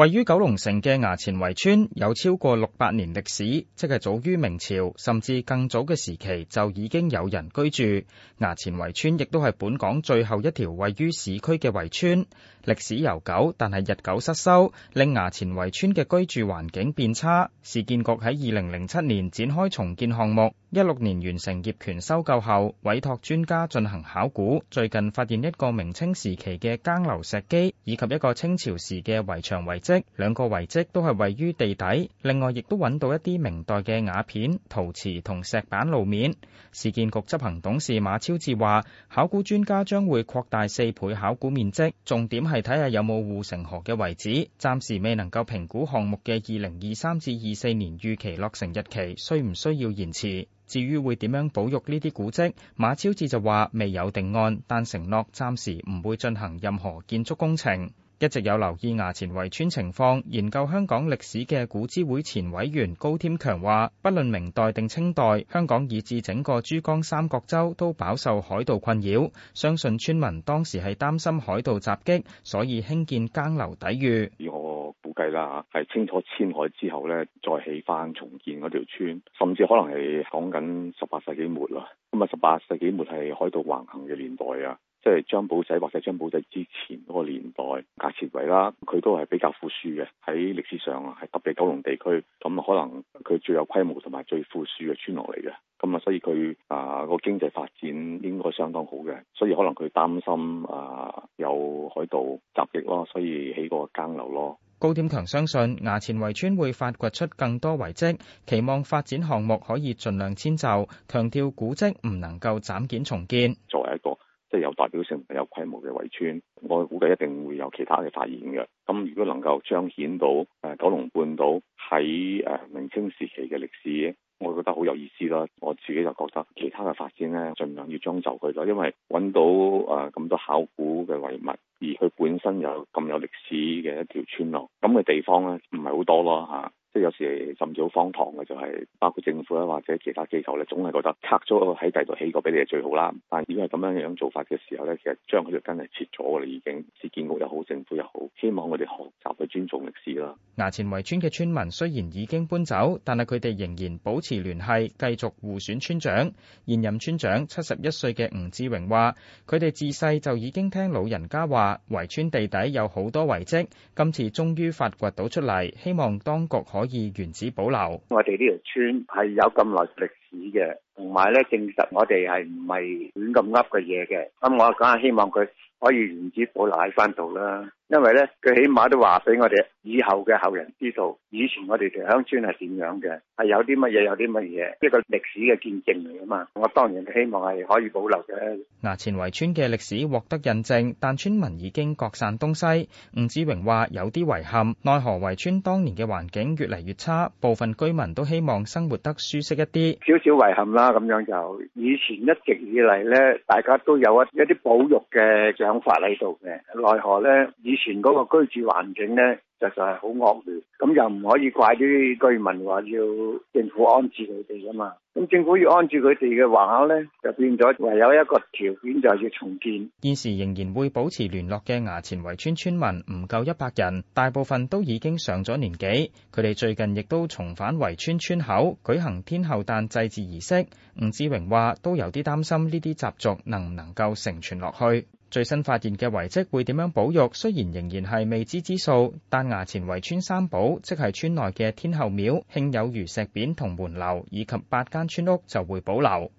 位於九龍城嘅衙前圍村有超過六百年歷史，即係早於明朝甚至更早嘅時期就已經有人居住。衙前圍村亦都係本港最後一條位於市區嘅圍村，歷史悠久，但係日久失修，令衙前圍村嘅居住環境變差。市建局喺二零零七年展開重建項目。一六年完成業權收購後，委託專家進行考古，最近發現一個明清時期嘅更樓石基，以及一個清朝時嘅圍牆遺迹。兩個遺迹都係位於地底，另外亦都揾到一啲明代嘅瓦片、陶瓷同石板路面。市建局執行董事馬超智話，考古專家將會擴大四倍考古面積，重點係睇下有冇護城河嘅遺址。暫時未能夠評估項目嘅二零二三至二四年預期落成日期，需唔需要延遲？至於會點樣保育呢啲古蹟，馬超智就話未有定案，但承諾暫時唔會進行任何建築工程。一直有留意衙前圍村情況，研究香港歷史嘅古諮會前委員高添強話，不論明代定清代，香港以至整個珠江三角洲都飽受海盜困擾，相信村民當時係擔心海盜襲擊，所以興建更樓抵禦。估計啦吓，係清楚，千海之後咧，再起翻重建嗰條村，甚至可能係講緊十八世紀末啦。咁、嗯、啊，十八世紀末係海盜橫行嘅年代啊，即係張保仔或者張保仔之前嗰個年代，假設為啦，佢都係比較富庶嘅。喺歷史上係特別九龍地區，咁、嗯、可能佢最有規模同埋最富庶嘅村落嚟嘅。咁、嗯、啊，所以佢啊個經濟發展應該相當好嘅，所以可能佢擔心啊、呃、有海盜襲擊咯，所以起個更樓咯。高點強相信衙前圍村會發掘出更多遺跡，期望發展項目可以盡量遷就，強調古蹟唔能夠斬件重建。作為一個即係有代表性、有規模嘅圍村，我估計一定會有其他嘅發現嘅。咁如果能夠彰顯到誒九龍半島喺誒明清時期嘅歷史。我覺得好有意思咯，我自己就覺得其他嘅發展咧，儘量要遷就佢咯，因為揾到誒咁、呃、多考古嘅遺物，而佢本身又咁有歷史嘅一條村落，咁嘅地方咧，唔係好多咯嚇。即有時甚至好荒唐嘅，就係包括政府啦，或者其他機構咧，總係覺得拆咗我喺第度起過俾你係最好啦。但如果係咁樣樣做法嘅時候咧，其實將佢就真係切咗㗎啦，已經。市建局又好，政府又好，希望我哋學習去尊重歷史啦。衙前圍村嘅村民雖然已經搬走，但係佢哋仍然保持聯繫，繼續互選村長。現任村長七十一歲嘅吳志榮話，佢哋自細就已經聽老人家話，圍村地底有好多遺跡，今次終於發掘到出嚟，希望當局可以原址保留，我哋呢條村係有咁耐歷嘅，同埋咧，證實我哋係唔係亂咁噏嘅嘢嘅。咁我梗係希望佢可以原址保留喺翻度啦。因為咧，佢起碼都話俾我哋以後嘅後人知道，以前我哋條鄉村係點樣嘅，係有啲乜嘢有啲乜嘢，即係個歷史嘅見證嚟噶嘛。我當然希望係可以保留嘅。衙前圍村嘅歷史獲得印證，但村民已經各散東西。吳子榮話有啲遺憾，奈何圍村當年嘅環境越嚟越差，部分居民都希望生活得舒適一啲。少遺憾啦，咁樣就以前一直以嚟咧，大家都有一一啲保育嘅想法喺度嘅，奈何咧，以前嗰個居住環境咧。 就實係好惡劣，咁又唔可以怪啲居民話要政府安置佢哋噶嘛？咁政府要安置佢哋嘅話咧，就變咗唯有一個條件就係要重建。現時仍然會保持聯絡嘅衙前圍村村民唔夠一百人，大部分都已經上咗年紀，佢哋最近亦都重返圍村村口舉行天后誕祭祀儀式。吳志榮話都有啲擔心呢啲習俗能唔能夠承傳落去。最新發現嘅遺跡會點樣保育？雖然仍然係未知之數，但衙前圍村三寶，即係村內嘅天后廟，慶有餘石匾同門樓，以及八間村屋就會保留。